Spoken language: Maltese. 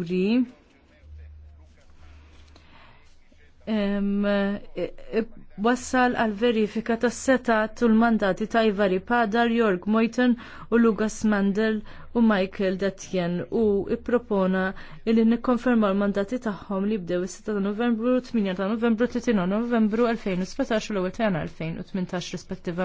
Uri. E, e, wassal għal verifika tas setat tul mandati ta' Ivari Padar, Jorg Mojten u Lugas Mandel u Michael Detjen u il li nikkonferma l-mandati tagħhom li bdew is-6 ta' Novembru, 8 ta' Novembru, 30 Novembru 2017 u l-ewwel ta' 2018 rispettivament.